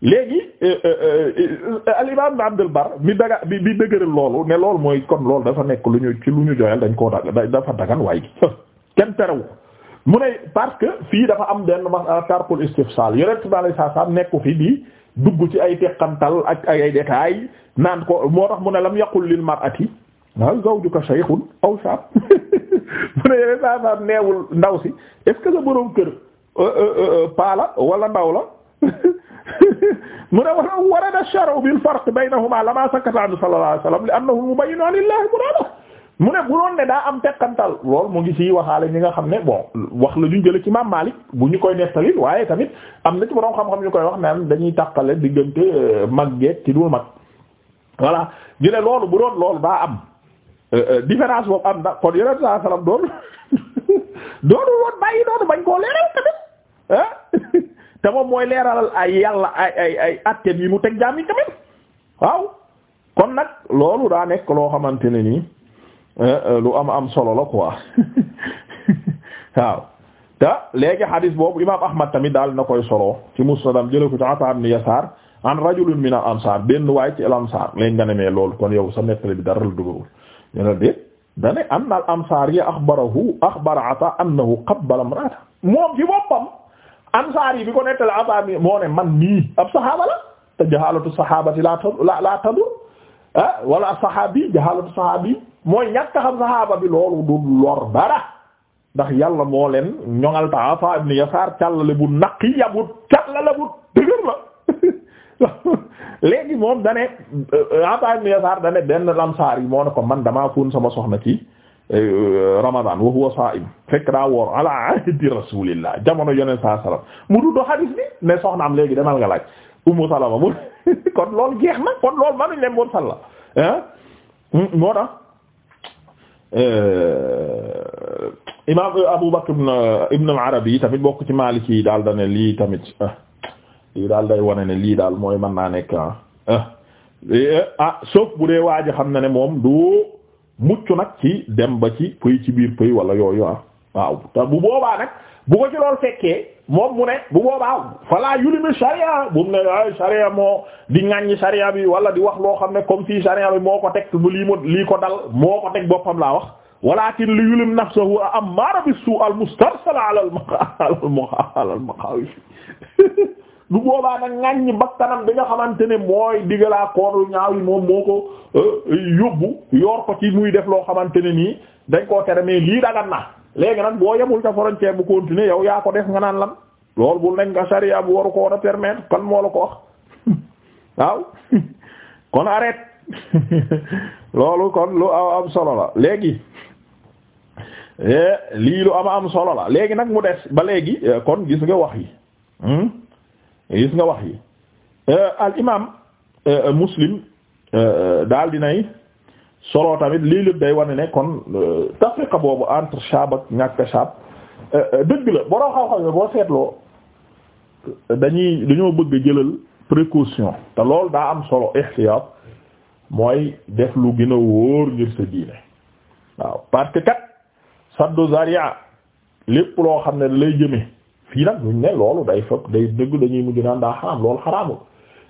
léegi euh, euh, euh, al imam Abdul Bar mi daga bi bi dëgëral loolu ne loolu mooy kon loolu dafa nekk lu ñu ci lu ñu joyal dañ koo da dafa dagan waay kenn terewu mu ne parce que fii dafa am benn masala tarkul istifsal yonent bi alayhi salaam nekku fi di dugg ci ay teqantal ak ay détails naan ko moo tax mu ne lam yaqul lil mar'ati waaw zawjuka shaykhun aw shab mu ne yonent saa saa neewul ndaw si est-ce sa boroom kër paala wala ndaw la mu ne wala warada sharu bil farq baynahuma lama sakata an sallallahu alayhi wasallam li annahu mubayyin an illahi murada mu ne bu doon ne daa am tekkantal loolu mu ngi ci waxaale ñi nga xam ne bon wax la ñu jële ci maam Malik bu ñu koy nettali waaye tamit am na ci borom xam-xam ñu koy wax naan dañuy tàqale diggante euh, mag geeg ci dul mag voilà ñu ne loolu bu doon loolu daa am euh, euh, différence boobu am ndax kon yeneen saa salaam doon doonul woon bàyyi doonu bañ koo leeral te moom mooy leeral ay yàlla ay ay ay atteen mu teg jaam yi tamit waaw kon nag loolu daa nekk loo xamante ne nii eh, eh, lu am am solo la quoi waaw te léegi hadis boobu imaam Ahmad tamit daal na koy solo ci musnadam jële ko ci Ataa ibn Yasaar an rajulun min al ansaar benn waay ci al ansaar léegi nga ne mee loolu kon yow sa nettali bi dara la dugalul ñu ne déet dane anna al ansaar yi axbarahu axbara Ataa annahu qabbala imraata moom ci boppam ansaar yi bi ko nettali asaar yi moo ne man mii ab saxaaba la te jahalatu saxaabati laa tadur laa tadur ah wala saxaabi jahalatu saxaabi mooy ñàkk xam saxaaba bi loolu du lor dara ndax yàlla moo leen ñoŋal ta bu naqiya bu càllale moom dane Ataa ibn yi moo ne ko man damaa fóon sama soxna ci Euh, Ramadan wa huwa saa'im fekk daa woor ala ahdi rasulillah jamono yoneen saa salaam mu duddoo hadis bi ne soxnaam léegi demal nga laaj Ummu Salama mu kon loolu jeex na kon loolu manuñ leen mursal la ah moo tax euh, imaam Abu Bakr ibn al-Arabi tamit bokk ci Maliki yi daal da lii tamit ah, lii daal day wane ne lii daal mooy man naa nekk ah ah, eh, ah bu dee waaj xam na ne moom du. mucc nag ci dem ba ci pëy ci biir pëy wala yooyu ah waaw te bu boobaa nag bu ko ci lool fekkee moom mu ne bu boobaa falaa yulimi sharia bu mu ne ay sharia moo di ŋàññi sharia bi wala di wax loo xam ne comme si sharia bi moo ko teg bu lii mu lii ko dal moo ko teg boppam laa wax walakin li yulim nafsahu ammaara bis suu al mustarsala ala al maqaal al maqaal bu boobaa nag ŋàññi bakkanam bi danga xamante ne mooy diggalaa koor lu ñaaw yi moom moo ko euh, yóbbu yor ko ci muy def loo xamante ne nii dañ koo tere mais lii dagan na léegi nag boo yemul ca frontière bu continuer yow yaa ko def nga naan lan loolu bu nekk nga sariya bu waru ko war a permettre kan moo la ko wax waaw kon arrête loolu kon lu am am solo la léegi eh, lii lu am am solo la léegi nag mu des ba léegi eh, kon gis nga wax yi hmm? gis nga wax yi euh, al imaam euh, muslim euh, daal dinay solo tamit lii lépp day wane ne kon tafriqa boobu entre shaab ak ñàkk shaab dëgg la boroo xaw-xaw yi boo seetloo dañuy dañoo bëgg jëlal précaution te loolu daa am solo ihtiyaat mooy def lu gën a wóor ngir sa diine waaw parce que kat saddu zaria lépp loo xam ne lay jëme fii nag ñu ne loolu day fëpp day dëgg dañuy mujj naan daa xaraam loolu xaraamul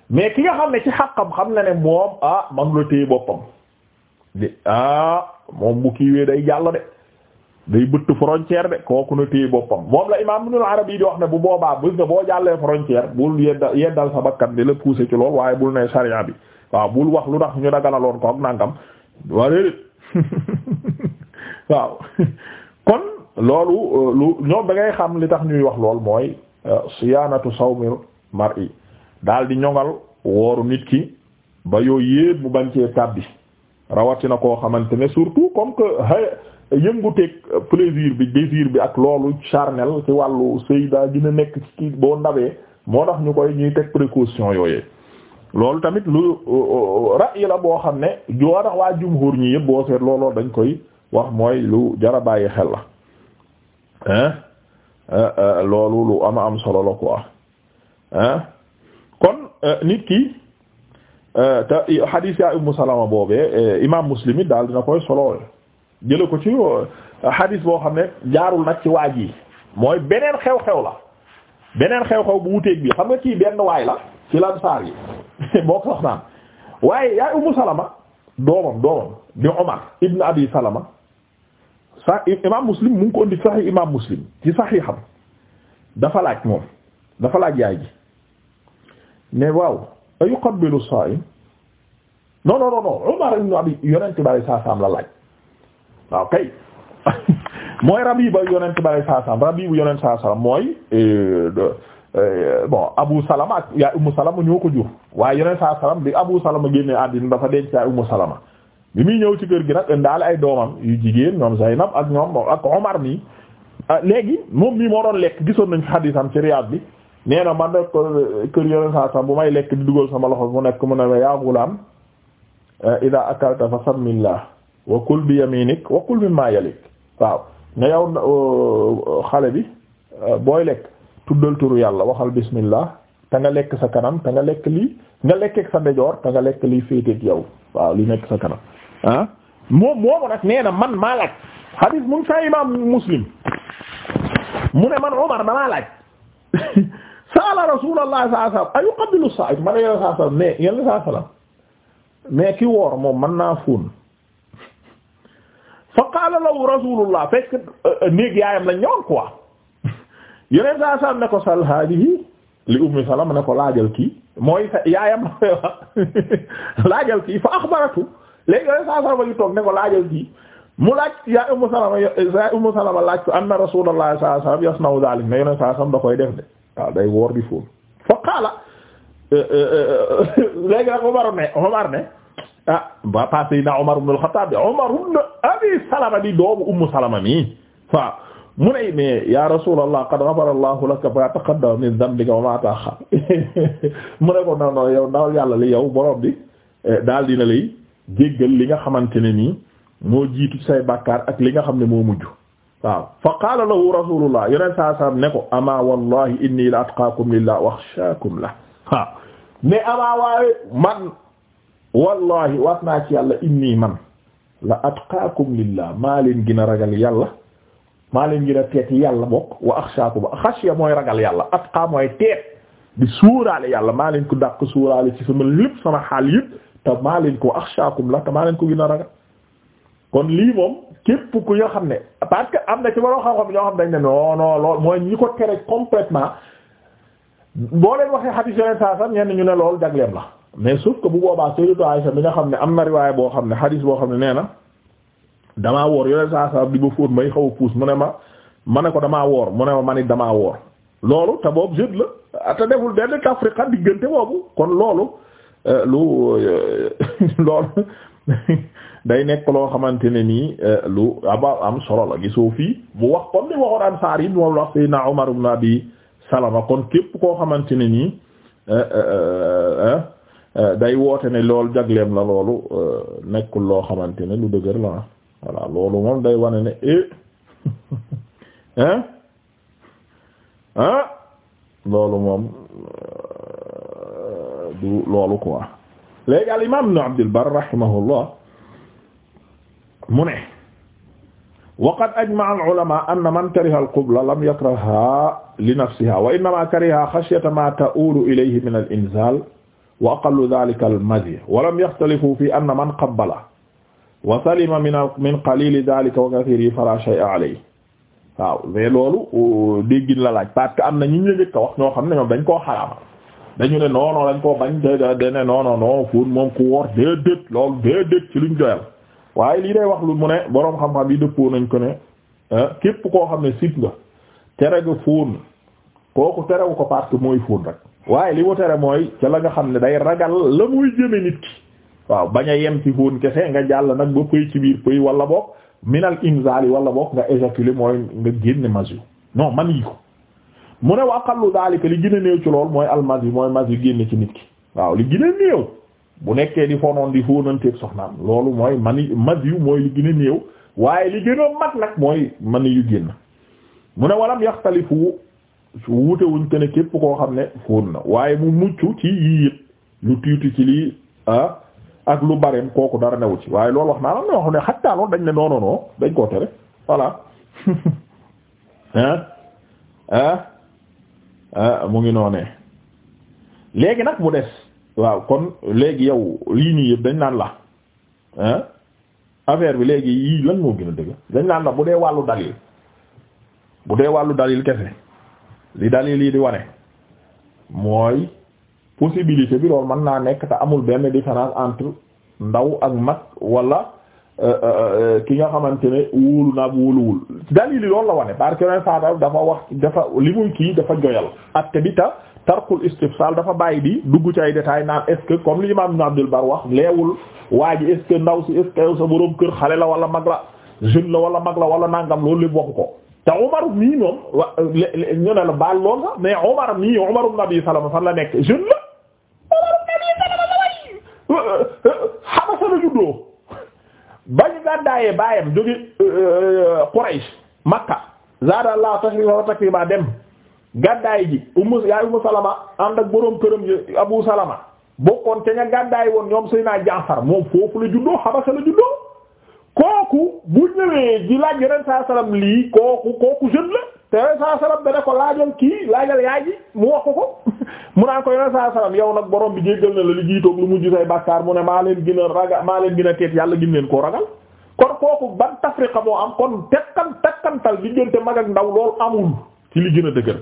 mais ki nga xam ne ci xàqam xam na ne moom ah man la téye boppam di ah moom bu kiiwee day jàll de day bëtt frontière de kooku na téye boppam moom la imaam Ibnul Arabi di wax ne bu boobaa bu nga boo jàllee frontière bul yedda yeddal sa bakkan di la pousser ci lool waaye bul ne sariya bi waaw bul wax lu tax ñu daganaloon ko ak nangam waaye waaw kon. loolu euh, lu ñoom da ngay xam li tax ñuy wax lool mooy euh, siyaanatu sawmil mar'i daal di ñoŋal wooru nit ki ba yooyu yépp mu bañ cee tàbbi rawatina koo xamante ne surtout comme que yënguteeg plaisir bi désir bi ak loolu charnel ci wàllu sëy daa dina nekk ci boo ndawee moo tax ñu koy ñuy teg précaution yooyee loolu tamit lu euh, ra'yi la boo xam ne joo tax waa jumhur ñi yëpp boo seet looloo dañ koy wax mooy lu jara bàyyi xel la Eh, eh, loolu lu ama am solo la quoi kon eh, nit ki te hadith ya Ummu Salama boobee imaam Muslim daal dina koy solo jële ko ci hadith boo xam ne jaarul nag ci waaj yi mooy beneen xew-xew la beneen xew-xew bu wuteeg bi xam nga kii benn waay la ci lan saar yi boo ko waaye yaay Ummu Salama doomam doomam di Omar ibn Abi Salama sa imam muslim mu ngi ko indi sahih imam muslim ci sahiham dafa laaj moom dafa laaj yaay ji ne waaw a yuqabbilu saa'im non non non non Umar ibn Abi yonent bi saa saam la laaj waaw kay mooy Rabiba yonent bi saa saam Rabibu yonent saa saam mooy eh, eh, bon Abu Salama ak yaay Ummu Salama ñoo ko jur waaye yonent saa saam bi Abu Salama génne àddina dafa denc yaay Ummu Salama bi muy ñëw ci kër gi nag daal ay doomam yu jigéen ñoom Zaynab ak ñoom ak Omar mii ah, léegi moom mii moo doon lekk gisoon nañ fi xadisam ci Riyad bi nee na man nag kër yoneen saa sam bu may lekk di dugal sama loxo mu nekk mu ne yaa gulaam ah, ida akalta fa sammillah wa kul bi yaminik wa kul mimma yalik waaw ne yow uh, xale bi uh, booy lekk tuddal turu yàlla waxal bismillah te nga lekk sa kanam te nga lekk lii nga lekkeek sa ndejoor te nga lekk lii féeteek yow waaw li nekk sa kanam ah moom moomu nag nee na man maa laaj hadis mu ngi saa imam muslim mu ne man Umar damaa laaj saala rasulullah sallallahu alayhi wasallam ayu qabilu sa'id ma ne yàlla sallallahu alayhi wasallam mais yàlla sallallahu alayhi wasallam mais ki woor moom mën naa fóon fa qaala lahu rasulullah fekk euh, néeg yaayam la ñoon quoi yeneen sallallahu alayhi wasallam ne ko sal haadihi li ummi salama ne ko laajal kii mooy yaayam laajal kii fa axbaratu léegi yooyu saa salama gi toog ne ko laajal ji mu laaj yaa Ummu Salama yaa Ummu Salama laaj ko anna Rasulullah sallallahu alayhi wasallam yasna'u dhalik ne yoneen da koy def de waaw day woor di fóon qaala euh, euh, euh, léegi nag Omar ne Omar ah, di doomu Ummu Salama mi waaw mu ne mais ya Rasulullah qad ghafara Allahu laka ma taqaddama min dhanbika wa ma ta'akhkhar mu ne ko non non yow yàlla li yow borom bi eh, daal dina lay jéggal li nga xamante ne nii moo jiitu say bàkkaar ak li nga xam ne moo mujj waaw fa qaala lahu rasulullah yoneen saa saam ne ko ama wallahi inni la atqaakum lillah wa akhshaakum la waaw ne ama waaye man wallahi waat naa ci yàlla inni man la atqaakum lillah maa leen gën a ragal yàlla maa leen gën a teet yàlla bokk wa akhshaakum xashiya mooy ragal yàlla atqa mooy teet di suuraale yàlla maa leen ko dàq suuraale ci sama lépp sama xaal yëpp te maa leen ko axshaakum la te maa leen ko gën a ragal kon lii moom képp ku ñoo xam ne parce que am na ci waroo xam-xam ñoo xam dañ ne non non mooy ñi ko tere complètement boo leen waxee xadis yoneen saa sax ñenn ñu ne loolu jagleem la mais sauf que bu boobaa sayyidatu Aisha bi nga xam ne am na riwaay boo xam ne xadis boo xam ne nee na damaa woor yoneen saa sax di ba fóot may xaw a mu ne ma ma ne ko damaa woor mu ne ma man it damaa woor loolu te boobu jeet la te deful benn tafriqa diggante boobu kon loolu Euh, lu euh, loolu day nekk loo xamante ne nii euh, lu aba am solo la gisoo fii bu wax comme ni waxoon ansaar yi moom la wax Seydina Umar ibn Abi Salama kon képp koo xamante ne nii day woote ne loolu jagleem la loolu nekkul loo xamante ne lu dëgër la voilà loolu moom day wane ne eh hein hein loolu moom du loolu quoi léegi al imam ibnu Abdul Barr rahimahullah mu ne wa qad ajma'a al ulama anna man kariha al qubla lam yakrahha li nafsiha wa innama kariha khashyata ma ta'ulu ilayhi min al inzal wa aqallu dhalika al madhi wa lam yakhtalifu fi anna man qabbala wa salima min min qalili dhalika wa kathiri fala shay'a alayhi waaw mais loolu uh, déggin la laaj parce que am na ñu njëkk a wax ñoo xam ne ñoom dañ koo xaraamal dañu ne noono dañ koo bañ da dene noono non fóot moom ku woor déedéet loolu déedéet ci luñ doyal waaye lii day wax lu mu ne boroom xam-xam yi dëppoo nañ ko ne ah, képp koo xam ne sit nga tere ga fóon kooku terewu ko parce que mooy fóon rek waaye li mu tere mooy ca la nga xam ne day ragal la muy jëme nit ki waaw bañ a yem ci fóon kese nga jàll nag ba pëy ci biir pëy wala boog minal inzali wala boog nga éjaculer mooy nga génne masu non man yi ko mu ne wa aqallu daalika li gën a néew ci lool mooy almas yi mooy mas yu génne ci nit ki waaw li gën néew bu nekkee di fonoon di fóonanteeg soxnaam loolu mooy mani mas yu mooy li gën néew waaye li gën a mat nag mooy mani yu génn mu ne walam yaxtalifu su wuute wuñ ko ne képp koo xam ne fóon na waaye mu mucc ci yii yëpp lu tuuti ci lii ah ak lu bareem kooku dara newu ci waaye loolu wax naa la ñoo xam ne xattaa loolu dañ ne non non dañ koo tere voilà Ah, mu ngi noonee léegi nag mu des waaw kon léegi yow lii nii yëpp dañ naan la ah affaire bi léegi yii lan moo gën a dëgg dañ naan la bu dee wàllu dalil bu dee wàllu dalil kese li dalil yi di wane mooy possibilité bi loolu mën naa nekk te amul benn différence entre ndaw ak mag walla ki nga xamante ne wóolu naag wóoluwul dalil loolu la wane parce que ren saa dafa wax dafa li muy kii dafa joyal ak te ta tarkul istifsal dafa bàyyi bi dugg ci ay détails naan est ce que comme li imam Bar wax leewul waa ji est ndaw si est sa borom kër xale la wala mag la jeune la wala mag la wala nangam loolu lépp waxu ko. te Umar mii moom wa ñu ne la baal lool sax mais Umar mii Umar ibn Abi fan la nekk jeune la Umar ibn Abi ba ñu gàddaayee baayam jóge euh, euh, Quraysh Makka zaada Allah tashrifan wa takriman dem gàddaay ji Ummu yaay Ummu Salama ànd ak boroom këram ji Abu Salama bokkoon te nga gàddaay woon ñoom Seydina Jaafar moom foofu la juddoo Xabasa la juddoo kooku bu ñëwee di laaj yeneen saa salaam lii kooku kooku jeune la te yooyu saa ko laajal kii laajal yaay ji mu wax ko ko mu naan ko yooyu saa salaam yow nag borom bi jéggal na la li jiitoog lu mujj say bàkkaar mu ne maa leen gën a ragal maa leen gën a teet yàlla gën leen koo ragal kon kooku ban tafriqa moo am kon tekkan tekkantal diggante mag ak ndaw loolu amul ci li gën a dëgër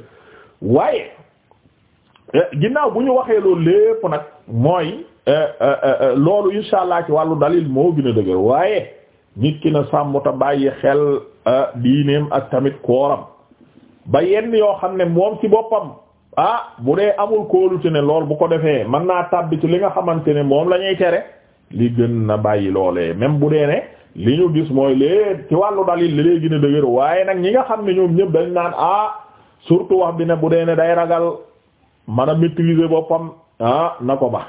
waaye eh, ginnaaw bu ñu waxee loolu lépp nag mooy eh, eh, loolu insha allah ci wàllu dalil moo gën a dëgër waaye nit ki na sàmm ta bàyyi xel diineem tamit kooram ba yenn yoo xam ne moom ci boppam ah bu dee amul kóolute ne lool bu ko defee man naa tàbbi ci li nga xamante ne moom la ñuy tere li gën na bàyyi loolee même bu dee ne li ñu gis mooy lée ci wàllu dalil li léegi ne dëgër waaye nag ñi nga xam ne ñoom ñëpp dañ naan ah surtout wax bi ne bu dee ne day ragal mën a maîtriser boppam ah na ko ba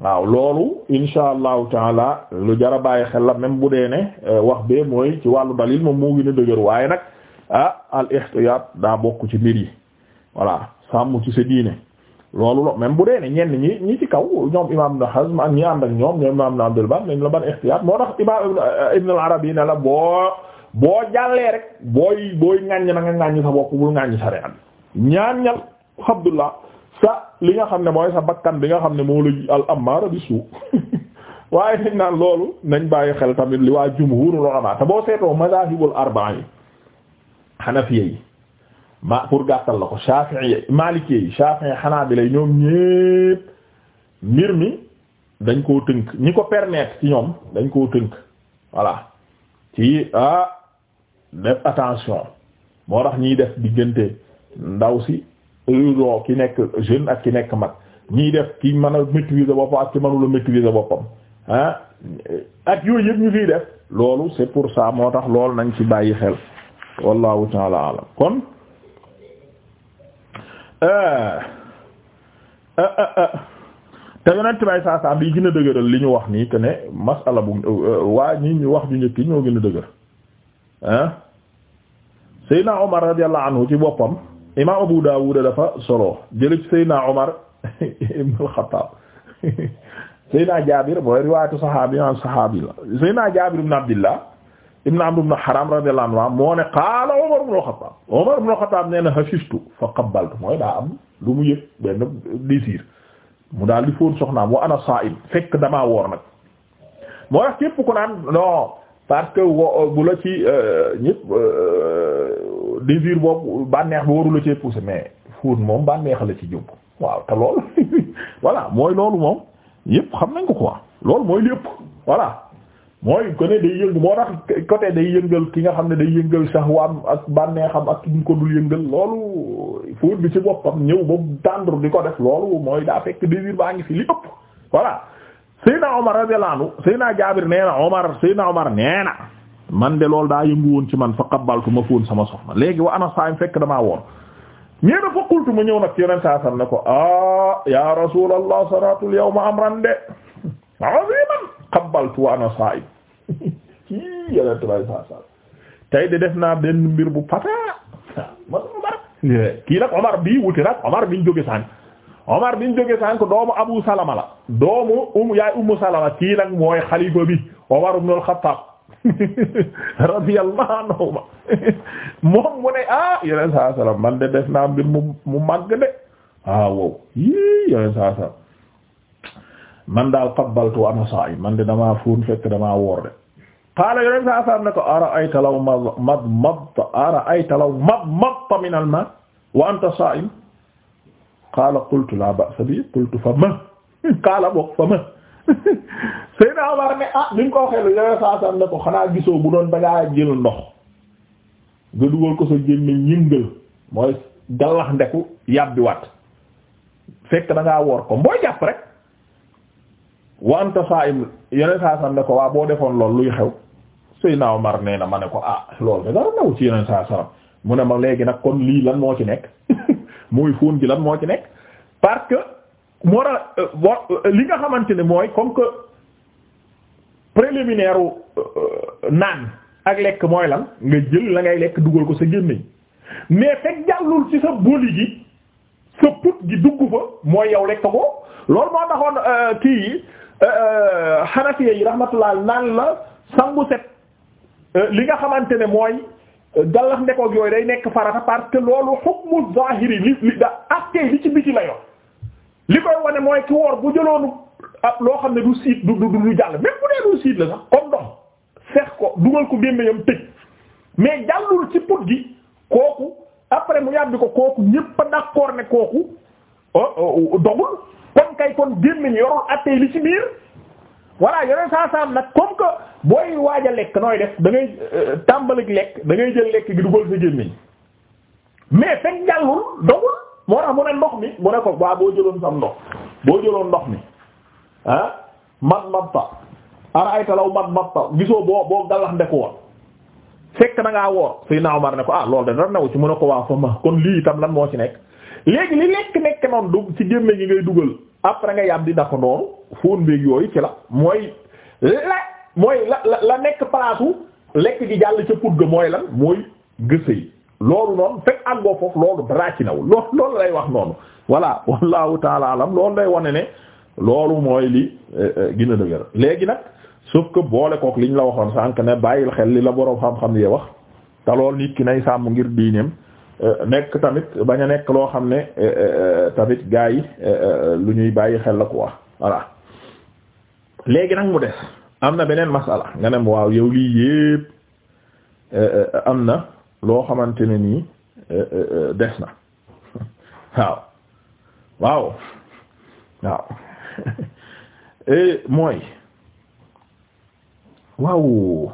waaw loolu insha allahu taala lu jara bàyyi xel la même bu dee ne eh, wax bee mooy ci wàllu dalil moom moo gën a dëgër waaye nag ah al ihtiyaat daa bokk ci mbir yi voilà sàmm ci sa diine loolu la même bu dee ne ñenn ñi ñi ci kaw ñoom imam Ibn Hazm ak ñi ànd ak ñoom ñoom imam Ibn Abdul Bar nañ la ban ihtiyaat moo tax imam eh, Ibn al Arabi ne la boo boo jàllee rek booy booy ŋàññ na nga ŋàññ sa bopp bul ŋàññ sa rean ñaanñal Abdullah sa li nga xam ne mooy sa bakkan bi nga xam ne moo la al ammaara bi suu waaye nañ naan loolu nañ bàyyi xel tamit li waa jumhurul ulama te boo seetoo mazahibul arba'a yi xanafiya yi ma pour gàttal la ko shafi'i malikiya yi shafi'i bi lay ñoom ñépp mbir mi dañ koo tënk ñi ko permettre ci ñoom dañ koo tënk voilà ci ah def attention moo tax ñiy def diggante ndaw si euh, ki nekk jeune ak ki nekk mag ñiy def ki mën a maîtriser boppam ak ki mënula maîtriser boppam ah ak yooyu yëpp ñu fiy def loolu c'est pour ça moo tax loolu nañ ci bàyyi xel wallahu taala alam kon eh, eh, eh, te yonent saa saa bi gën a dëgëral li ñu wax nii que ne masala bu waa ñi wax ju njëkk ñoo gën a dëgër ah Seydina Omar radiyallahu anhu ci boppam Imaam Abu Dawud dafa solo jële ci Seydina Omar ibn al-Khattab Jaabir booy riwaayatu saxaabi an saxaabi la Seydina Jaabir ibn Abdillah ibn Amr ibn Haram radiyallahu anhu moo ne qaala Umar ibn Khattab Umar ibn Khattab nee na hafiftu fa qabbaltu mooy daa am lu mu yëg benn désir mu daal di fóon soxnaam wa ana saa'im fekk damaa woor nag moo tax képp ku naan non parce que bu la ci euh, ñëpp euh, désir boobu bànneex bi waru la cee pousser mais fóon moom bànneex la ci jub waaw te loolu voilà mooy loolu moom yëpp xam nañ ko quoi loolu mooy lépp voilà mooy ko ne day yëngu moo tax côté day yëngal ki nga xam ne day yëngal sahwaam ak bànneexam ak ñu ko dul yëngal loolu fóot bi ci boppam ñëw ba tàndur di ko def loolu mooy daa fekk désir baa ngi fi li ëpp voilà Seydina Omar radiyallahu anhu Seydina Jaabir nee na Omar Seydina Omar nee na man de loolu daa yëngu woon ci man fa qabbaltu ma fóon sama soxna léegi wa ana saayim fekk damaa woor ñee na ma ñëw nag ci yoneen saa sam ne ko ah ya rasulallah salatul yawma amran de aziman qabbaltu wa ana saa'im yàlla tubaab saa saa tey de def naa benn mbir bu pataa man Omar kii nag Omar bii wuti nag Omar biñ jóge sànq Omar biñ jóge sànq doomu Abu Salama la doomu um yaay Salama kii nag mooy xalifa bi Omar ibn al-Khattab radiyallahu anhu moom mu ne ah yàlla saa salaam man de naa mbir mu mu de ah wow yii yàlla saa salaam. man daal a ana saa'im man de damaa fuun fekk damaa woor de qaala yoneen saa saam ne ko ara'ayta law madmadta ara'ayta law madmadta min al-maa' wa anta saa'im qaala qultu laa ba'sa bi qultu fa ma qaala boog fa ma Seydina Omar ne ah bi ñu ko waxee yoneen saa saam ne ko xanaa gisoo bu doon da jël ndox nga dugal ko sa gémmiñ yëngal mooy gallax ndeku yàbbiwaat fekk da woor ko mooy jàpp rek. wa anta saa'im yeneen saa sam ne ko waa boo defoon loolu luy xew naaw Omar nee na ma ne ko ah loolu de dara naw ci yeneen saa salam mu ne ma léegi nag kon lii lan moo ci nekk muy fóon gi lan moo ci nekk parce que moo a li nga xamante ne mooy comme que préliminaire euh, naan ak lekk mooy lan nga jël la ngay lekk dugal ko sa gémmiñ mais fekk jàllul ci sa boli gi sa put gi dugg fa mooy yow lekk ko loolu moo taxoon euh, kii yi xanafiya euh, euh, yi rahmatullah naan la sangu set euh, li nga xamante ne mooy gallax ndekoog yooyu day nekk farata parce que loolu hukmu zahiri li li da akkey li ci biti la yoon li koy wane mooy ki woor bu jëloonu ab loo xam ne du siit du du du jàll même bu dee du siit la sax ko dugal ko gémmiñam tëj mais jàllul ci put gi kooku après mu yàbbi ko kooku ñépp a d'accord ne kooku dogul kon kay kon gémmiñ yorul attey li ci biir voilà yoneen saa saam nag comme que booy waaj a lekk nooy def da ngay euh, tàmbalik lekk da ngay jël lekk gi dugal sa gémmiñ mais fekk jàllul dogul moo tax mu ne ndox mi mu ne ko waa boo jëloon sam ndox boo jëloon ndox mi ah mat matta arayta law mat matta gisoo boo boo gallax ndeku woon fekk na ngaa woor Seydina Omar ne ko ah lool de dara new ci mu ne ko waa fa ma kon lii itam lan moo ci nekk léegi li lekk nekk noonu du ci gémme gi ngay dugal après nga yàb di da ko noonu fóon béeg yooyu ci la mooy la mooy la la nekk palaasu lekk gi jàll ca put ga mooy lan mooy gëse yi loolu noonu fekk àggoo foofu loolu dara ci naw lool loolu lay wax noonu voilà wallahu taala alam loolu lay wane ne loolu mooy li eh, eh, gën a dëgër léegi nag sauf que boole kook liñ la waxoon sànq ne bàyyil xel li la boroom xam-xam yee wax te loolu nit ki nay sàmm ngir diineem nekk tamit bañ a nekk loo xam ne eh, eh, eh, tamit gaa yi lu ñuy bàyyi xel la ko quoi voilà léegi nag mu des am na beneen masala nga ne waaw yow lii yépp am na loo xamante ne nii des na waaw waaw mooy waaw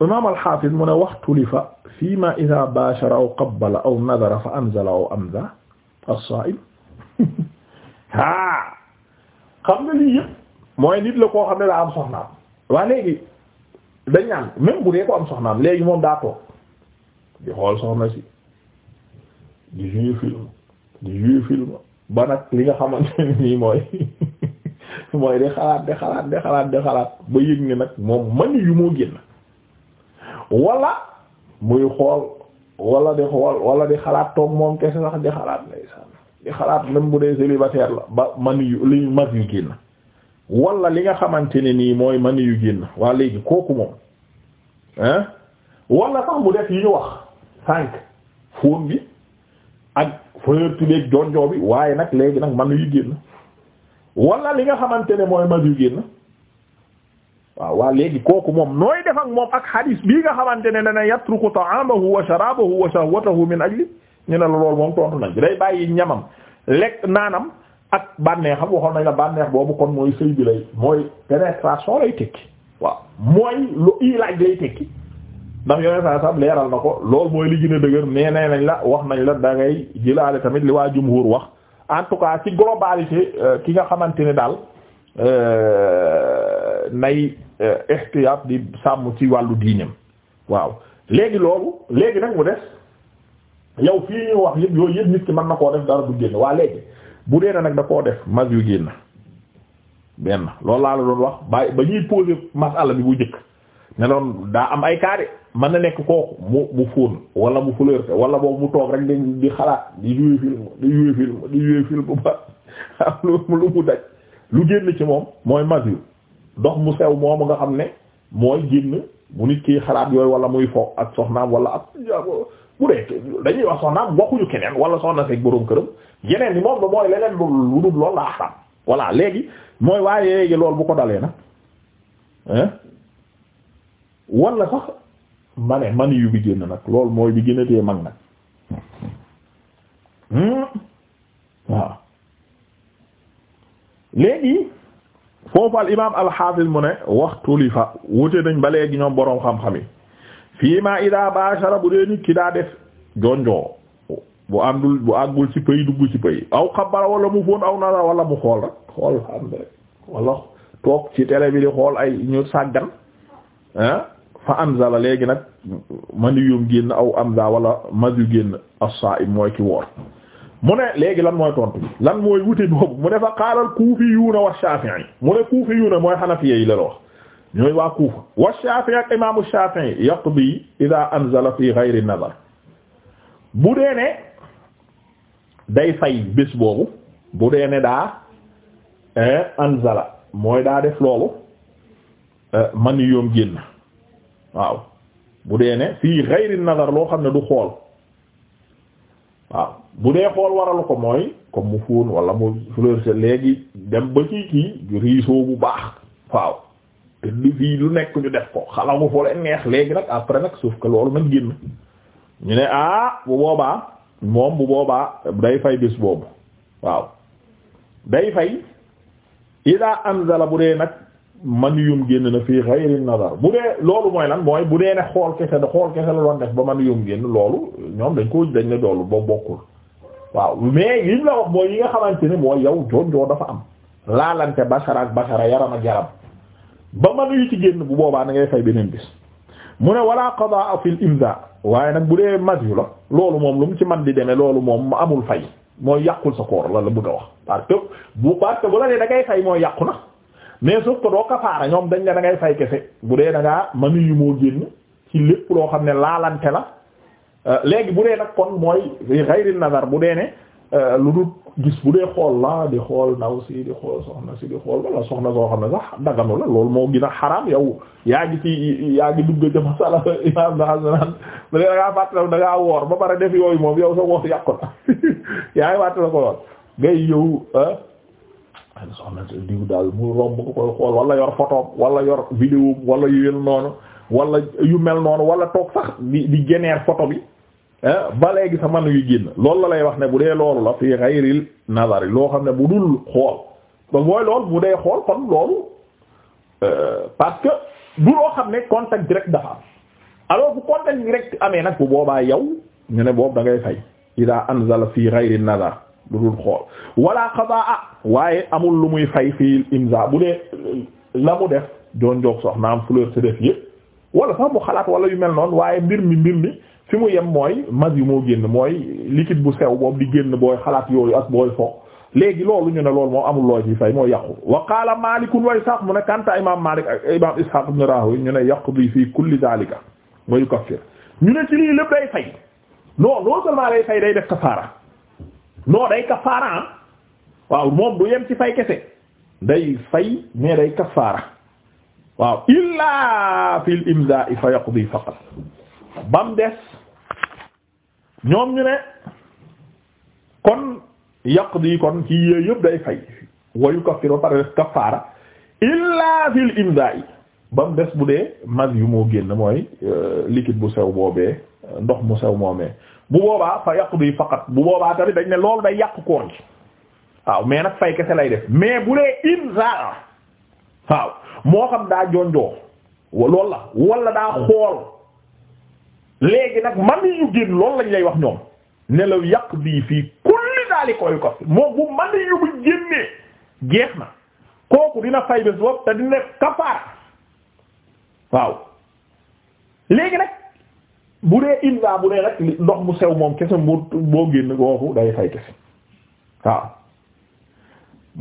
imaam al-Hafiz mu ne waxtulifa fii ma idaa baashara aw qabbala aw nadara fa anzala aw amza as-saa'im haa xam nga lii yëpp mooy nit la koo xam ne daa am soxnaam waa léegi dañ naan même bu dee ko am soxnaam léegi moom daa toog di xool soxna si di jouer film di jouer film ba nag li nga xamante ne nii mooy mooy de xalaat de xalaat de xalaat de xalaat ba yëg ni nag moom mën yu moo génn wala muy xool wala di xool wala di xalaat toog moom kese sax di xalaat ndeysaan di xalaat même bu dee célibataire la ba man yu li mag yu génn li nga xamante ne nii mooy man yu génn waa léegi kooku moom ah wala sax mu def yi ñu wax sànq fóon bi ak fëertu beeg jonjoo bi waaye nag léegi nag man yu génn wala li nga xamante ne mooy mag yu génn waaw waa léegi kooku moom nooy def ak moom ak hadis bii nga xamante ne dana yatruku ta'amahu wa sharabahu wa shahwatahu min ajli ñu ne la loolu moom tontu nañ day bàyyi ñamam lekk naanam ak bànneexam waxoon nañ la bànneex boobu kon mooy sëy bi lay mooy pénétration lay tekki waaw mooy lu ilaaj lay tekki ndax yoneen saa sam leeral na ko loolu mooy li gën a dëgër nee nañ la wax nañ la da ngay jëlaale tamit li waa jumhur wax en tout cas ci globalité euh, ki nga xamante ne daal Euh, nay euh, ihtiyaat di sàmm ci wàllu diineem waaw léegi loolu léegi nag mu des yow fii ñu wax yëpp yooyu yëpp nit ki mën na koo def dara bu génn waa léegi bu dee nag da koo def mas yu benn loolu laa la doon wax ba ba bi bu njëkk ne doon daa am ay kaade man na nekk kooku mu mu fóon wala mu fleur wala boobu mu toog rek di di xalaat di jouer film di jouer film di jouer film ba am lu mu daj lu génn ci moom mooy masir ndox mu sew moomu nga xam ne mooy génn bu nit ki xalaat yooyu wala muy fo ak soxnaam wala ak bu dee dañuy wax soxnaam waxuñu keneen wala soxna seeg boroom këram yeneen ni moom ba mooy leneen lu dul loolu la xaram voilà léegi mooy waaye léegi loolu bu ko dalee nag hein wala sax ma ne mani yu bi génn nag lool mooy bi gën a mag nag hmm? Hmm? waaw léegi foofu al imaam alxaafis mu ne waxtu li fa wute nañ ba léegi ñoom boroom xam-xam yi fii ma ida bashara bu dee nit ki daa def jonjoo bu àndul bu àggul ci pëy dugg ci pëy aw xabara wala mu fóon aw nara wala mu xool rek xool xam rek wala toog ci télé bi di xool ay ñu sàggan ah fa anzala léegi nag man yu génn aw amza wala mad yu génn as-sa'im mooy ki woor mu ne léegi lan mooy tontu lan mooy wute boobu mu ne fa xaalal kuufiyuuna wa shaafi'i mu ne kuufiyuuna mooy xanafiya yi la wax ñooy waa kuufa wa shaafi'i ak imaamu shaafi'i yaqdi idaa anzala fi ghayri nazar bu dee ne day fay bés boobu bu dee ne daa eh, anzala mooy daa def loolu eh, man yoom génn waaw bu dee ne fii ghayri nazar loo xam ne du xool. waaw bu dee xool waralu ko mooy comme mu fóon wala mu fleur se léegi dem ba ci kii riisoo bu baax waaw te li fii lu nekk ñu def ko xalangu foo neex léegi nag après nag sauf que loolu nag génn ñu ne ah bu boobaa moom bu boobaa day fay bés boobu waaw day fay ida anzala bu dee nag man yum génn na fii xayri nazar bu dee loolu mooy lan mooy bu dee ne xool kese da xool kese la doon def ba man yum génn loolu ñoom dañ ko dañ ne doolu ba bokkul waaw mais li ñu la wax mooy yi nga xamante ne mooy yow joojoo dafa am laalante bashara ak bashara yaram ak yaram ba man yu ci génn bu boobaa da ngay fay beneen bis mu ne wala qadaa fil imza waaye nag bu dee mas yu la loolu moom lu mu ci man di demee loolu moom mu amul fay mooy yàqul sa koor la la bu parce que bu la nee da ngay fay mooy yàqu na mais sauf que doo kafaara ñoom dañ la da fay kese bu dee da ngaa manu yu moo génn ci lépp loo xam ne laalante la euh, léegi bu dee nag kon mooy xayri nazar bu dee ne euh, lu dul gis bu dee xool la di xool ndaw si di xool soxna si di xool wala soxna soo xam ne sax daganu la loolu moo gën a xaraam yow yaa ngi ci yaa ngi dugg ca masala imam daxasanaan bu dee da ngaa fàttalaw woor ba pare def yooyu moom yow sa woor yàqu na yaa ngi fàttala ko lool ngay yow ah, ay soxna si diw daal mu romb ko koy xool wala yor photo wala yor vidéo wala yu mel noonu wala yu mel noonu wala toog sax di di génneer photo bi ba léegi a mën yu génn loolu la lay wax ne bu dee loolu la fii xayril nazari loo xam ne bu dul xool ba mooy loolu bu dee xool kon loolu euh, parce que du loo xam ne contact direct dafa am bu contact direct amee nag bu boobaa yow ñu ne boobu dangay ngay fay ida anzala fii xayril nazar lu dul xool wala qadaa waaye amul lu muy fay fii imza bu dee euh, la mu def doon joog soxnaam fleur si def yëpp wala sax mu xalaat wala yu mel noonu waaye mbir mi mbir mi fi mu yem mooy mas yu moo génn mooy liquide bu sew boobu di génn booy xalaat yooyu ak booy fo léegi loolu ñu ne loolu moo amul loo ci fay mooy yàqu wa qaala malikun wa ne kanta imam malik ak imam ishaq ibn ñu ne yaqdi fii kulli dhalika wa yukaffir ñu ne ci lii lépp day fay non non day kafaara ah. waaw moom du yem ci fay kese day fay mais day kafaara waaw illaa fil imzaa'i fa yaqdi faqat bam des ñoom ñu ne kon yaqdi kon ci yéey yëpp day fay wayu kafir ba pare def kafaara illaa fil imzaa'i bam des bu dee mag yu moo génn mooy euh, liquide bu sew boobee ndox mu sew moomee bu boobaa fa yaqdi faqat bu boobaa tamit dañ ne loolu day yàq koor gi waaw mais nag fay kese lay def mais bu dee inzaa waaw moo xam daa jonjoo loolu la walla daa xool léegi nag man yu génn loolu lañ lay wax ñoom ne la yaqdi fii kulli daali ko fi moom bu man yu bu génnee jeex na kooku dina fay bés bopp te dina kafaar waaw léegi nag bu dee ilsa bu dee rek ndox mu sew moom kese mu boo génn gooxu day fay kese waaw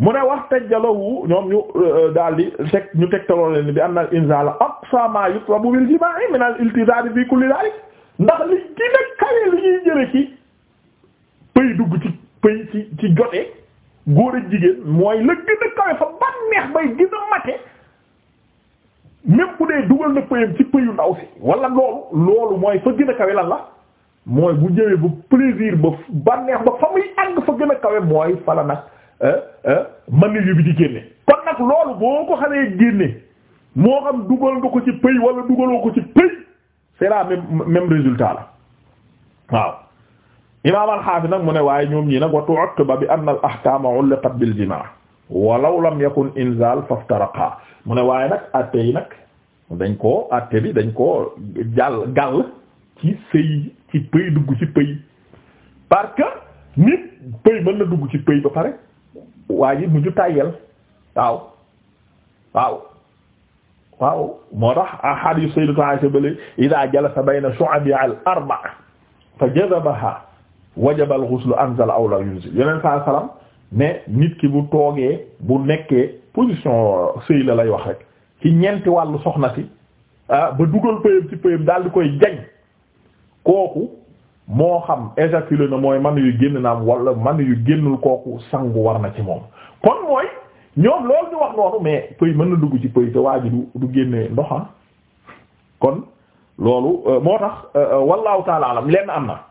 mu ne wax tajjalawu ñoom ñu euh, daal di teg ñu tegtaloo leen bi anna al inzala aqsa ma yutlabu bil jima'i min al iltizam fi kulli dalik ndax li gën a li ñuy jële ci pëy dugg ci pëy ci ci jote góor ak jigéen mooy la gën kawe fa ban neex bay gën a mate même bu dee dugal na pëyam ci pëyu ndaw si wala loolu loolu mooy fa gën a kawe lan la mooy bu jëwee bu plaisir ba bànneex ba fa muy àgg fa gën a kawe mooy fala nag euh, euh, maniyu bi di génne kon nag loolu boo ko xamee génne moo xam dugal nga ko ci pëy wala dugaloo ko ci pëy c'est la même même résultat la waaw imaam al-Hafiz nag mu ne waaye ñoom ñii nag wa tu'aqqaba bi anna al-ahkama 'ulqat bil jima' walaw lam yakun inzal faftaraqa mu ne waaye nag atte yi nag dañ koo atte bi dañ koo jàll gàll ci sëy ci pëy dugg ci pëy parce que nit pëy mën na dugg ci pëy ba pare waa ji mujj tàyyel waaw waaw waaw moo tax ahadith sayyidatu Aisha bale ida jalasa bayna shu'abi al-arba'a fa jazabaha wajaba al-ghusl anzala aw la yunzil yeneen sa salaam ne nit ki bu toogee bu nekkee position sëy la lay wax rek ci ñeenti wàllu soxna si ah ba dugal pëyam ci pëyam daal di koy jañ kooku moo xam éjaculé na mooy man yu génn naa wala man yu génnul kooku sangu war na ci moom kon mooy ñoom loolu ñu wax noonu mais pëy mën na dugg ci pëy te waa ji du du génnee ndoxa ah. kon loolu euh, moo tax euh, euh, wallahu taala alam lenn am na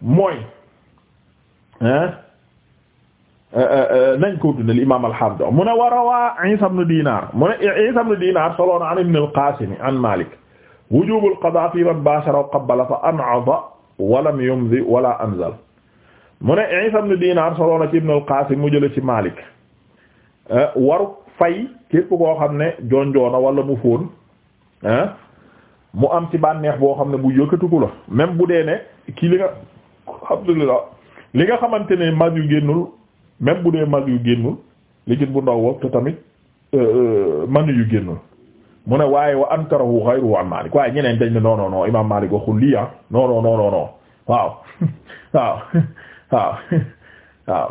mooy Euh, euh, euh, nañ ko tuddee al-imaam al-Haafiz mu ne wa rawaa Iisaa ibn Diinaar mu ne Iisaa ibn Diinaar soloona an ibn al-Qaasim an Maalik wujuub qadaa fii man baashara wa qabbala fa an'ada wa lam yumdi wa anzal mu ne Iisaa ibn Diinaar soloona ci ibn al-Qaasim mu jëlee ci Maalik waru fay képp koo xam ne jonjoona wala mu fóon mu am ci bànneex boo xam ne bu yëkkatiku la même bu dee ne kii li nga alhamdulillah li nga xamante ne mag yu génnul. même bu dee mag yu génnul ligit bu ndaw boobu te tamit euh, euh, man yu génnul mu ne waaye wa ankarahu ghayruhu an Malik waaye ñeneen dañ ne non non non Imaam Malik waxul lii ah non non non non waaw waaw waaw waaw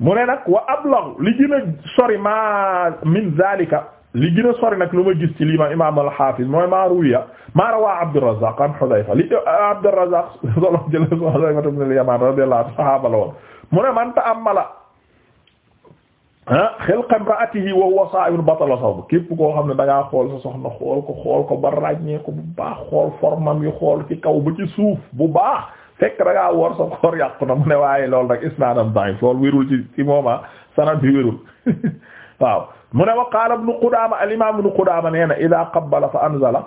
mu ne nag wa ablagu li gën a sori ma min zalika li gën a sori nag lu ma gis ci lii ma Imaam al-Hafiz mooy ma ruwiya ma rawaa Abdurrazzaq an Hudayfa li Abdurrazzaq solo jële Hudayfa ibn al-Yaman radiyallahu anhu sahaba la woon mu ne man ta'ammala ah, xilqa imra'atihi wa huwa saa'im batala sawm képp koo xam ne da xool sa soxna xool ko xool ko ba ràññee ko bu baax xool formam yi xool ci kaw bu ci suuf bu baax fekk da ngaa woor sa koor yàqu na mu ne waaye loolu rek isnaadam da'if loolu wérul ci ci mooma ah, sanad bi wérul waaw mu ne wa qaala ibnu Qudaama al imaam ibnu Qudaama nee na idaa qabbala fa anzala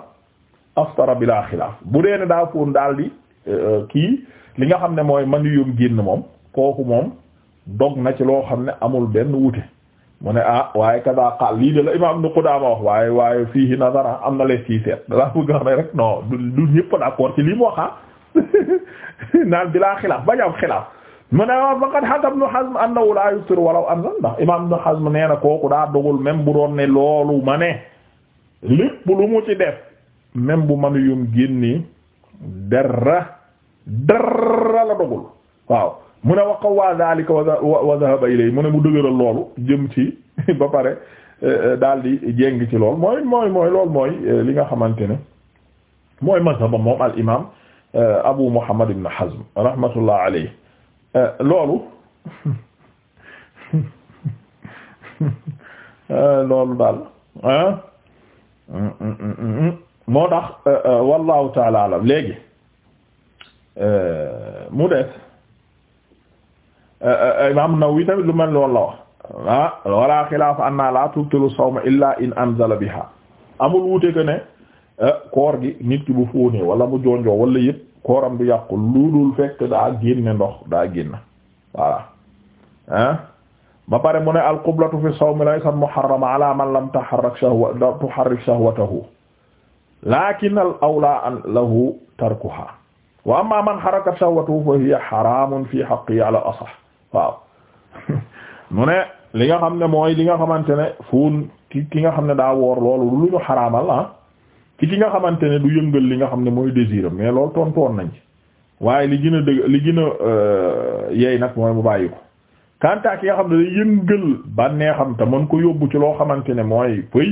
aftara bilaa xilaaf bu dee ne daa foon daal di eh, kii li nga xam ne mooy man yu yom génn moom. kooku moom dog na ci loo xam ne amul benn wute mu ne ah waaye kada qaal lii de la imam Ibn Qudaama wax waaye waaye fiihi nazara am na lees ciy seet dalaa bëgg xam ne rek non du ñëpp d'accord ci mu waxa ah. naan bilaa xilaaf bañ am xilaaf mu na waaw faqad hakam Ibn Hazm annahu laa yuftir ndax imam Ibn Hazm nee kooku daa dogul même bu doon ne loolu ma ne lépp lu mu ci def même bu manu yum génni dara dara la dogul waaw mu ne wa qawwa dhalika wa dhahaba ilay mu ne mu dëgëral loolu jëm ba pare eh, eh, daldi di ci lool mooy mooy mooy mooy eh, li nga xamante ne mooy mazhaba moom al imam Abu Muhammad ibn Hazm rahmatullah alayhi loolu loolu daal ah mm, mm, mm, moo tax wallahu taala alam léegi mu def Euh, euh, imam Nawawi tamit lu mel loolu la wax ah wala xilaafa anna la tubtilu sawma illa in anzala biha amul wuute que ne euh, koor gi nit ki bu fóonee wala mu jonjoo wala yëpp kooram du yàqu luulul fekk daa génne ndox daa génn voilà ah ba pare mu ne al qiblatu fi sawmi laysa muharrama ala man lam taharrak shahwa tuharrik shahwatahu lakin al awla an lahu tarkuha wa amma man harakat shahwatahu fa hiya haramun fi haqqihi ala asah waaw mu ne li nga xam ne mooy li nga xamante ne fuun ki ki nga xam ne daa woor loolu lu ñu xaraamal ah ci ki nga xamante ne du yëngal li nga xam ne mooy désiram mais loolu tontoon nañ ci waaye li gën a dëgg li gën a euh, yeey nag mooy mu bàyyi ko kanta ki nga xam ne day yëngal bànneexam te mën ko yóbbu ci loo xamante ne mooy pëy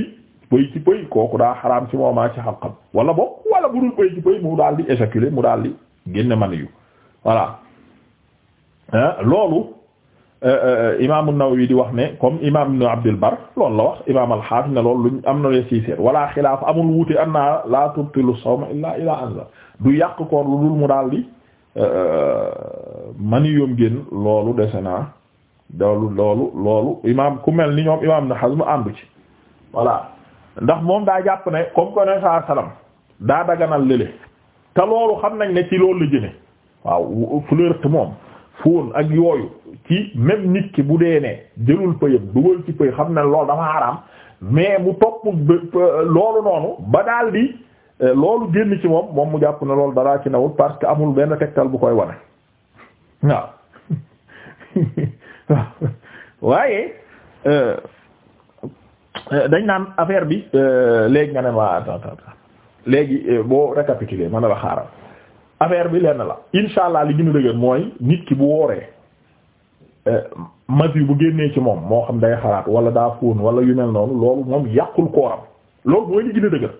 pëy ci pëy kooku daa xaraam ci moomaa ci xam-xam wala boog wala bu dul pëy ci pëy mu daal di éjaculer mu daal di génne man yu loolu euh, euh, imaam an wii di wax ne comme imaam ibn Abdul Barr loolu la wax imaam al ne loolu luñ am na lee siy seet xilaaf amul wuute anna la tubtilu sawma illaa illaa anza du yàq koor lu dul mu daal di euh, mani yoom génn loolu dese naa loolu loolu loolu imaam ku mel ni ñoom imaam Ibn Hazm àndu ci voilà ndax moom daa jàpp ne comme que ne saa salaam daa daganal lële te loolu xam nañ ne ci loolu la jëne waaw fleur moom. fóon ak yooyu ci même nit ki bu dee ne jëlul pëyam dugal ci pëy xam ne lool dafa xaraam mais mu topp loolu noonu ba daal eh, loolu génn ci moom moom mu jàpp na loolu daraa ci nawul parce que amul benn tegtal bu koy wane waaw waaye eh, eh, dañ naan affaire bi léegi nga ne ma attends attends léegi boo récapituler ma ne la xaaral affaire bi lenn la insha allah li gën a dëgër mooy nit ki bu wooree eh, mas yi bu génnee ci moom moo xam day xalaat wala daa fóon wala yu mel noonu loolu moom yàqul kooram loolu mooy li gën a dëgër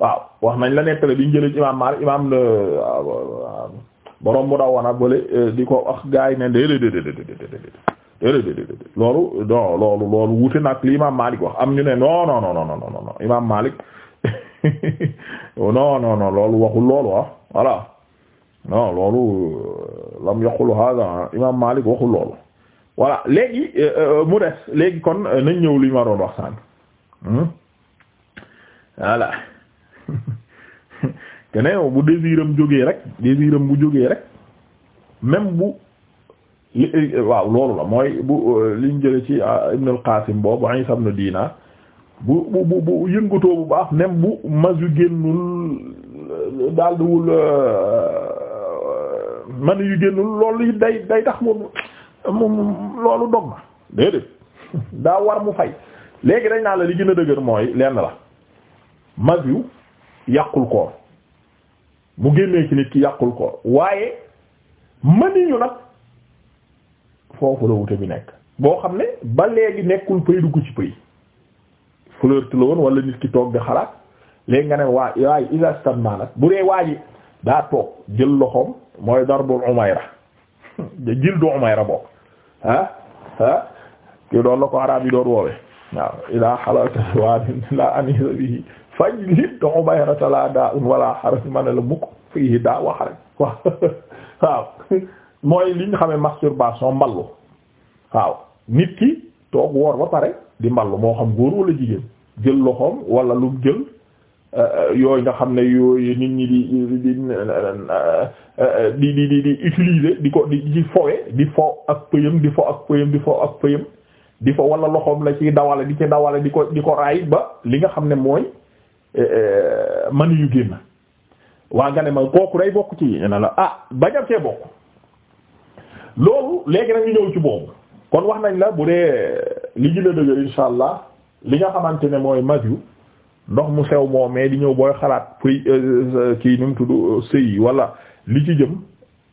waaw wax nañ la nekk bi ñu jëlee ci imaam Maalik imaam euh, euh, euh, di ko wax gars yi ne déedéet déedéet déedéet déedéet loolu am ñu ne non non non non loolu waxul loolu ah voilà. non loolu euh, lam yaqul hada imam Malik waxul loolu voilà léegi euh, euh, mu des léegi kon nañ ñëw li ma doon wax sànq hmm? voilà te ne bu désiram jógee rek désiram bu jógee rek même bu waaw loolu la mooy bu liñ jële ci ah, Ibn al-Qasim boobu Isa ibn Dina bu bu bu bu yëngatoo bu baax même bu masu génnul daal diwul man yu génnul loolu day day tax mu mu loolu dog na déedéet daa war mu fay léegi dañ naa la li gën a dëgër mooy lenn la mag yu yàqul koor mu génnee ci nit ki yàqul koor waaye mani yu nag foofu la wute bi nekk boo xam ne ba léegi nekkul pëy dugg ci pëy fleur la woon wala nit ki toog di xalaat léegi nga ne waa waaye isastan naa bu dee waa ji daa toog jël loxoom mooy darbul umayra da jël du umayra bokk ah ah kii doon la ko araab yi doon woowe waaw ila xalalta waanin la anisa bihi faj li du umayrata la daa un wala xaraj ma ne la mukk fii daa wax rek waaw mooy liñ xamee masturbation mballu waaw nit ki toog woor ba pare di mballu moo xam góor wala jigéen jël loxoom wala lu jël yooyu nga xam ne yooyu nit ñi di di di di di di di ko di ci di fo ak pëyam di fo ak pëyam di fo ak pëyam di fa wala loxoom la ci dawale di ci dawale di ko di ko raay ba li nga xam ne mooy eh, eh, mën yu génn waa nga ne ma kooku day bokk ci ne la ah bañal see bokk loolu léegi nag ñu ñëw ci boobu kon wax nañ la bu dee li gën a dëgër insha allah li nga xamante ne mooy mag yu ndox mu sew moo mais di ñëw booy xalaat fuy euh, euh, kii nu mu tudd euh, sëy wala li ci jëm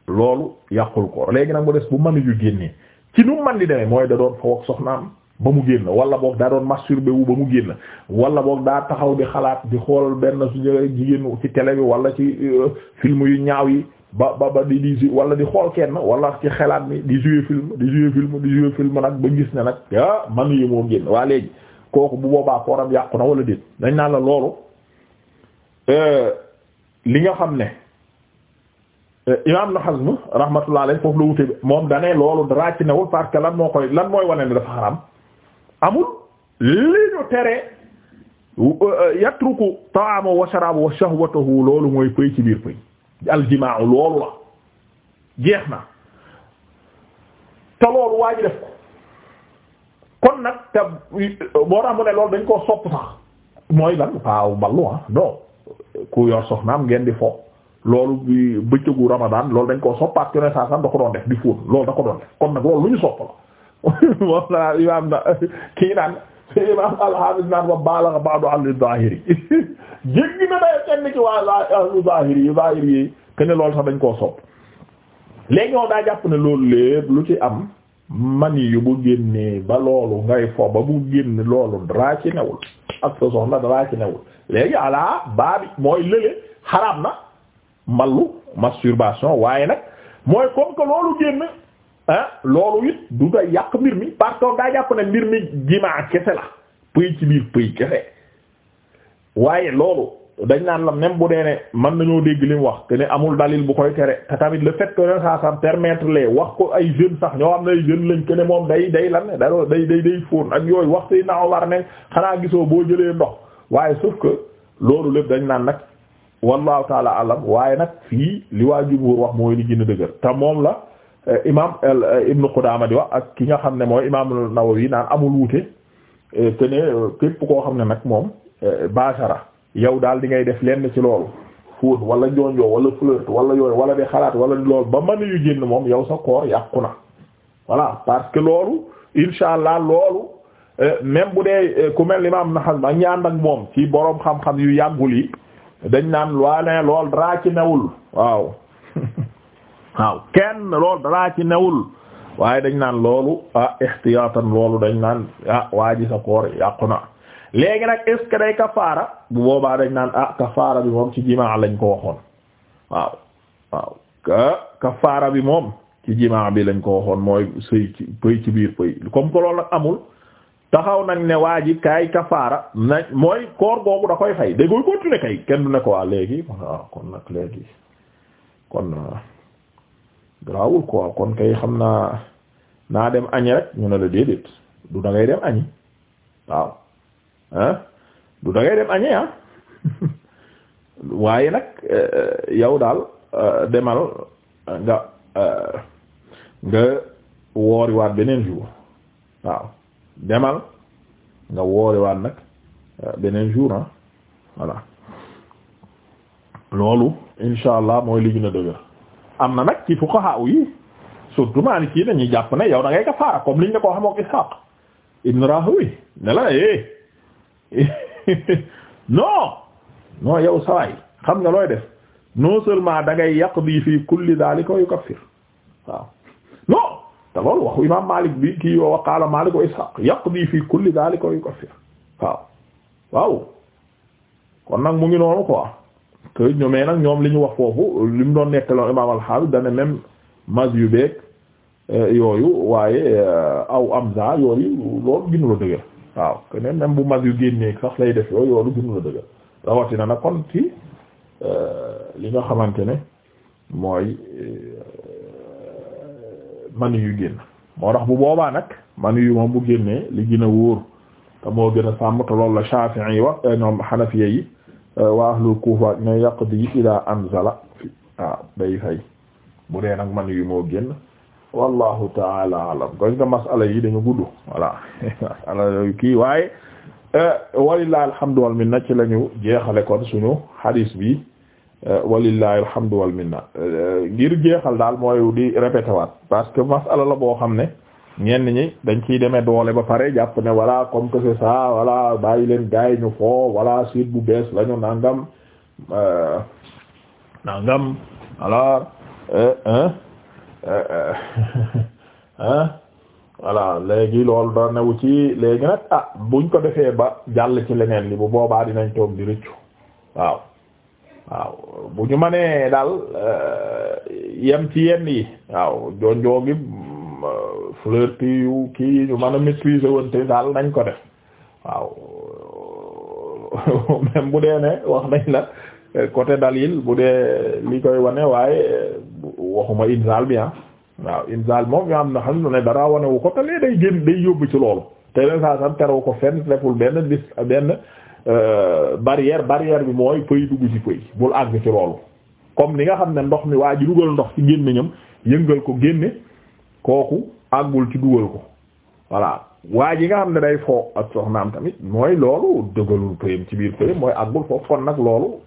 loolu yàqul ko léegi nag mu des bu mën yu génnee ci nu man di demee mooy da doon fa wax soxnaam ba mu génn wala boog daa doon masturbé ba mu génn wala boog daa taxaw di xalaat di xoolal benn su jigéenu ci télé bi wala ci film yu ñaaw yi ba ba ba di di ju wala di xool kenn wala ci xalaat bi di jouer film di jouer film di jouer film nag ba gis ne nag ah man yu moo génn waa léegi kooku bu boobaa kooram yàqu na wala déet dañ naa la loolu euh, li nga xam ne euh, imam na Hazm rahmatullah alayhi foofu la wute moom danee loolu dara ci newul parce lan moo koy lan mooy wane ne dafa xaram amul li ñu tere euh, yatruku ta'amu wa sharabu wa shahwatahu loolu mooy pëy ci biir pëy aljimaa loolu la jeex na te loolu waa ji def ko kon nag te boo tax mu ne loolu dañ koo sopp sax mooy lan waaw ballu ah non ku yor soxnaam ngeen di fo loolu bëccëgu Ramadan loolu dañ koo soppaat yoneen saa san da ko doon def di fóon loolu da ko doon def kon nag loolu lu ñu sopp la moom naa imaam na kii naan imaam alxaafis naan wa baalaxa baadu ahli zahiri jéggi na day kenn ci waa ahli zahiri yi zahiri yi ke ne loolu sax dañ koo sopp léegi ñoo daa jàpp ne loolu lépp lu ci am man yu bu génnee ba loolu ngay fo ba bu génn loolu dara ci newul ak sa soxna ci newul léegi alaa baa mooy lële xaraam na mballu masturbation waaye nag mooy comme que loolu génn ah loolu it du da yàq mbir mi parce que daa mbir mi gima kese la pëy ci biir pëy kese waaye loolu dañ naan la même bu dee ne mën nañoo dégg li mu wax que ne amul dalil bu koy tere te tamit le fait que ren saa sam permettre les wax ko ay jeunes sax ñoo xam ne ay jeunes lañ que moom day day la ne daloo day day day fóon ak yooyu wax si naaw war ne xanaa gisoo boo jëlee ndox waaye sauf que loolu lépp dañ naan nag wallahu taala alam waaye nag fii li waa jumhur wax mooy li gën a dëgër te moom la eh, imaam eh, Ibn Qudaama di wax ak ki nga xam ne mooy imaam Nawawi naan amul wuute que eh, ne képp koo xam ne nag moom baasara. yow daal di ngay def lenn ci loolu fóot wala jonjoo wala flirt wala yooyu wala de xalaat wala di loolu ba mën yu génn moom yow sa koor yàqu na voilà parce que loolu insha allah loolu euh, même bu dee euh, ku mel am na xasma ak ñaan ak moom ci boroom xam-xam yu yàggul yi dañ naan waa ne lool daraa ci newul waaw waaw kenn lool daraa ci newul waaye dañ naan loolu ah ihtiyaatan loolu dañ naan ah waa ji sa koor yàqu na léegi nag est day kafaara bu boobaa dañ naan ah kafaara bi moom ci jimaa lañ ko waxoon bi moom ci bi lañ ko waxoon mooy sëy ci pëy ci biir pëy comme que loolu nag amul taxaw nag ne waa ji kafaara na mooy koor googu da koy fay da koy continuer kay kenn du ne ko waa léegi waaw ah kon nag léegi kon ah grawul quoi kon kay xam naa naa dem añi rek ñu ne la déedéet du da dem añi waaw ah du da dem añee ah waaye nag eh, eh, yow daal eh, demal nga nga woori waat beneen jour waaw demal nga woori waat nag beneen jour ah voilà loolu insha allah mooy li gën a dëgër am na nag ci fuqaha yi surtout Maliki dañuy jàpp ne yow da ngay kafaara comme liñ ne ko xamook Ishaq ibn Rahowi ne la non non yow sawaay xam nga looy def non seulement da ngay yaqdi fii kulli dhalika wa yukaffir waaw non te loolu waxu imaam Maalik bi kii wa qaala Maalik wa Isxaaq yaqdi fii kulli dhalika wa yukaffir waaw waaw kon nag mu ngi noonu quoi te ñoomee nag ñoom li ñu wax foofu li mu doon nekk loolu imaam al-Haafid dane mas yu beeg euh, yooyu waaye euh, aw amza yooyu loolu gënu la dëgër waaw que ne même bu mag yu génnee sax lay def yooyu yoolu gënu la dëgg rawatina na kon ci euh, li nga xamante ne mooy euh, manu yu génn moo tax bu boobaa nag manu yu moom bu génnee li gën a wóor te moo gën a sàmm te la Shafi'i yi wax euh, ñoom Hanafiya yi wa ahlu Kufa ñooy yàq di ila anzala waaw ah, day fay bu dee nag manu yu moo génn wallahu taala alam koy nga masala yi dañu gudd voilà masala kii waaye eh, walillahi alhamdu wal minna ci lañu jeexale kon suñu hadis bi eh, walillahi alhamdu wal minna eh, ngir jeexal daal mooy di répété waat parce que masala la boo xam ne ñenn ñi dañ ciy deme doole ba pare jàpp ne voilà comme que c'est bàyyi leen gaay ñu foo voilà suite bu bees lañu nangam euh, nangam alors ah voilà léegi lool da newu ci léegi nag ah buñ ko defee ba jàll ci leneen li bu boobaa dinañ toog di rëccu waaw waaw bu ñu mënee daal yem ci yenn yi waaw jonjoo gi mm, flirti yu kii ñu mën a maîtriser wante daal nañ ko def waaw même bu dee ne wax nañ la côté dalil bu dee li koy wane waaye euh, waxuma inzal bi ah waaw inzal moom nga am na xam ne dara wane wu ko te lee day génn day yóbbu ci loolu te leen saa sam terewu ko fenn reful benn dis benn euh, barrière barrière bi mooy pëy dugg ci pëy bul àgg ci loolu comme ni nga xam ne ndox mi waa ji dugal ndox ci gémmiñam yëngal ko génne kooku àggul ci dugal ko voilà waa ji nga xam ne day foo ak soxnaam tamit mooy loolu dëgalul pëyam ci biir pëyam mooy àggul foofu nag loolu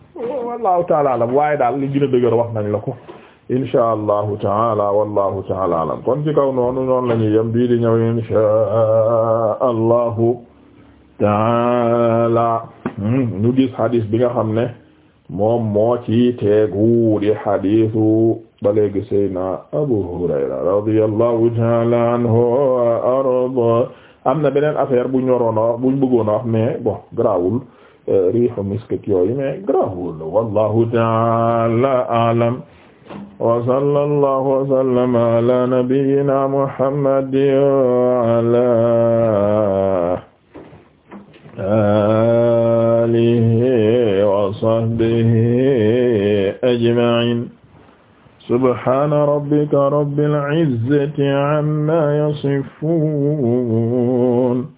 allahu taala alam waaye daal li gën a wax nañ la ko insha taala wallahu taala alam kon ci kaw noonu noonu la ñuy yem bii di ñëw insha taala ñu gis hadis bi nga xam ne moom moo ci teegu di hadisu ba léegi Seydina Abu taala anhu wa am na beneen affaire bu ñoroon a wax buñ bëggoon riixu misk yooyu mais grawul wallahu ta'ala a'lam wa sallallahu wa sallama ala nabiyyina muhammadin wa ala alihi wa sahbihi ajma'in subhana rabbika rabbil izzati amma yasifun